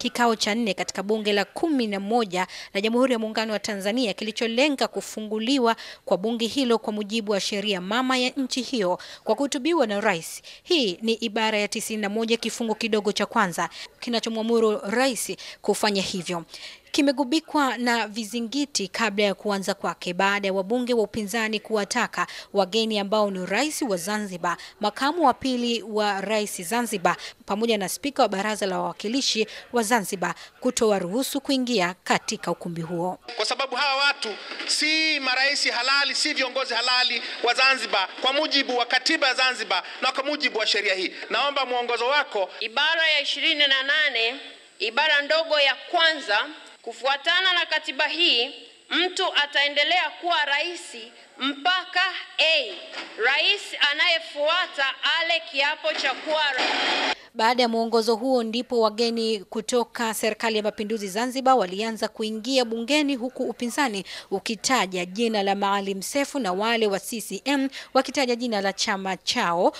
kikao cha nne katika bunge la kumi na moja la Jamhuri ya Muungano wa Tanzania kilicholenga kufunguliwa kwa bunge hilo kwa mujibu wa sheria mama ya nchi hiyo kwa kuhutubiwa na rais. Hii ni ibara ya moja kifungu kidogo cha kwanza kinachomwamuru rais kufanya hivyo kimegubikwa na vizingiti kabla ya kuanza kwake baada ya wabunge wa upinzani kuwataka wageni ambao ni rais wa Zanzibar, makamu wa pili wa rais Zanzibar, pamoja na spika wa baraza la wawakilishi wa Zanzibar kutoa ruhusu kuingia katika ukumbi huo, kwa sababu hawa watu si marais halali, si viongozi halali wa Zanzibar kwa mujibu wa katiba ya Zanzibar na kwa mujibu wa sheria hii. Naomba mwongozo wako, ibara ya ishirini na nane ibara ndogo ya kwanza Kufuatana na katiba hii, mtu ataendelea kuwa rais mpaka a rais anayefuata ale kiapo cha kuwa Baada ya mwongozo huo ndipo wageni kutoka serikali ya mapinduzi Zanzibar walianza kuingia bungeni, huku upinzani ukitaja jina la Maalim Seif na wale wa CCM wakitaja jina la chama chao.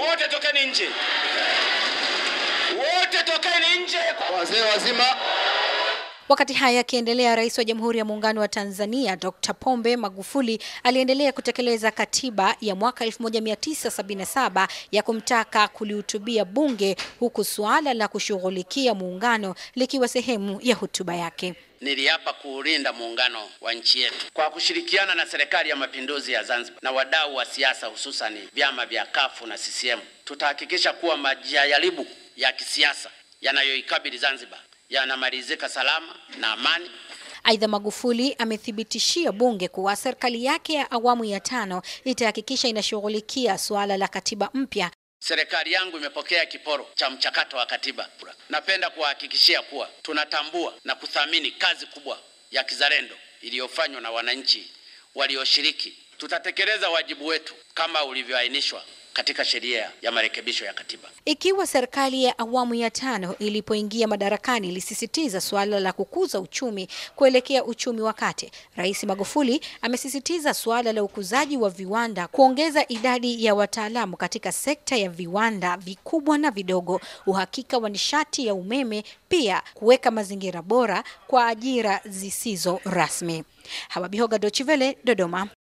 Wote tokeni nje! wazee wazima. Wakati haya yakiendelea, Rais wa Jamhuri ya Muungano wa Tanzania Dr. Pombe Magufuli aliendelea kutekeleza katiba ya mwaka 1977 ya kumtaka kulihutubia bunge huku suala la kushughulikia muungano likiwa sehemu ya hotuba yake. Niliapa kuulinda muungano wa nchi yetu kwa kushirikiana na serikali ya mapinduzi ya Zanzibar na wadau wa siasa hususani vyama vya kafu na CCM. Tutahakikisha kuwa majaribu ya kisiasa yanayoikabili Zanzibar yanamalizika salama na amani. Aidha, Magufuli amethibitishia bunge kuwa serikali yake ya awamu ya tano itahakikisha inashughulikia suala la katiba mpya. Serikali yangu imepokea kiporo cha mchakato wa katiba. Napenda kuwahakikishia kuwa tunatambua na kuthamini kazi kubwa ya kizalendo iliyofanywa na wananchi walioshiriki. Tutatekeleza wajibu wetu kama ulivyoainishwa katika sheria ya marekebisho ya katiba. Ikiwa serikali ya awamu ya tano ilipoingia madarakani ilisisitiza suala la kukuza uchumi kuelekea uchumi wa kati, Rais Magufuli amesisitiza suala la ukuzaji wa viwanda, kuongeza idadi ya wataalamu katika sekta ya viwanda vikubwa na vidogo, uhakika wa nishati ya umeme, pia kuweka mazingira bora kwa ajira zisizo rasmi. Habibihoga Dochivele, Dodoma.